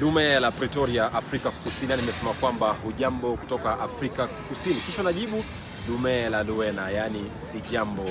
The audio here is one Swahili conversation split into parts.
Dume la Pretoria Afrika Kusini nimesema kwamba hujambo kutoka Afrika Kusini, kisha najibu dume la Luena, yaani si jambo.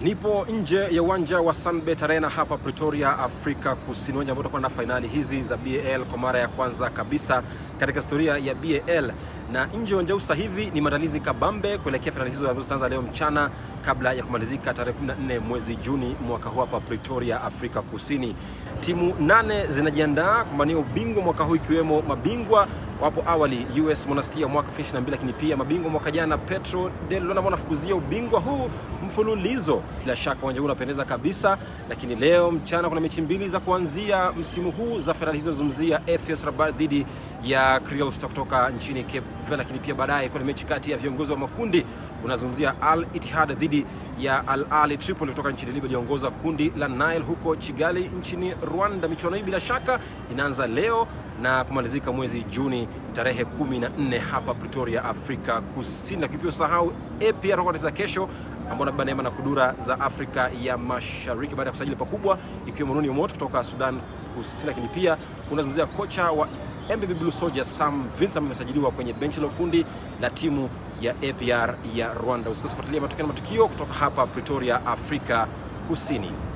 Nipo nje ya uwanja wa Sunbet Arena hapa Pretoria, Afrika Kusini, uwanja ambao utakuwa na fainali hizi za BAL kwa mara ya kwanza kabisa katika historia ya BAL. Na nje uwanja huu sasa hivi ni maandalizi kabambe kuelekea fainali hizo ambazo zitaanza leo mchana kabla ya kumalizika tarehe 14 mwezi Juni mwaka huu hapa Pretoria, Afrika Kusini. Timu nane zinajiandaa kumania ubingwa mwaka huu ikiwemo mabingwa wapo awali US Monastir mwaka 2022 lakini pia mabingwa mwaka jana Petro de Luanda wanafukuzia ubingwa huu mfululizo bila shaka uwanja huu unapendeza kabisa, lakini leo mchana kuna mechi mbili za kuanzia msimu huu za fainali hizo zungumzia FS Rabat dhidi ya Creole Star kutoka nchini Cape Verde, lakini pia baadaye kuna mechi kati ya viongozi wa makundi unazungumzia Al Ittihad dhidi ya Al Ahly Tripoli kutoka nchini Libya, liongoza kundi la Nile huko Kigali nchini Rwanda. Michuano hii bila shaka inaanza leo na kumalizika mwezi Juni tarehe 14 hapa Pretoria, Afrika Kusini, lakini pia usahau APR kesho ambao nabeba neema na kudura za Afrika ya Mashariki baada ya kusajili pakubwa, ikiwemo Rooney moto kutoka Sudan Kusini, lakini pia unazungumzia kocha wa MBB Blue Soldiers Sam Vincent ambaye amesajiliwa kwenye benchi la ufundi la timu ya APR ya Rwanda. Usikose kufuatilia matukio na matukio kutoka hapa Pretoria, Afrika Kusini.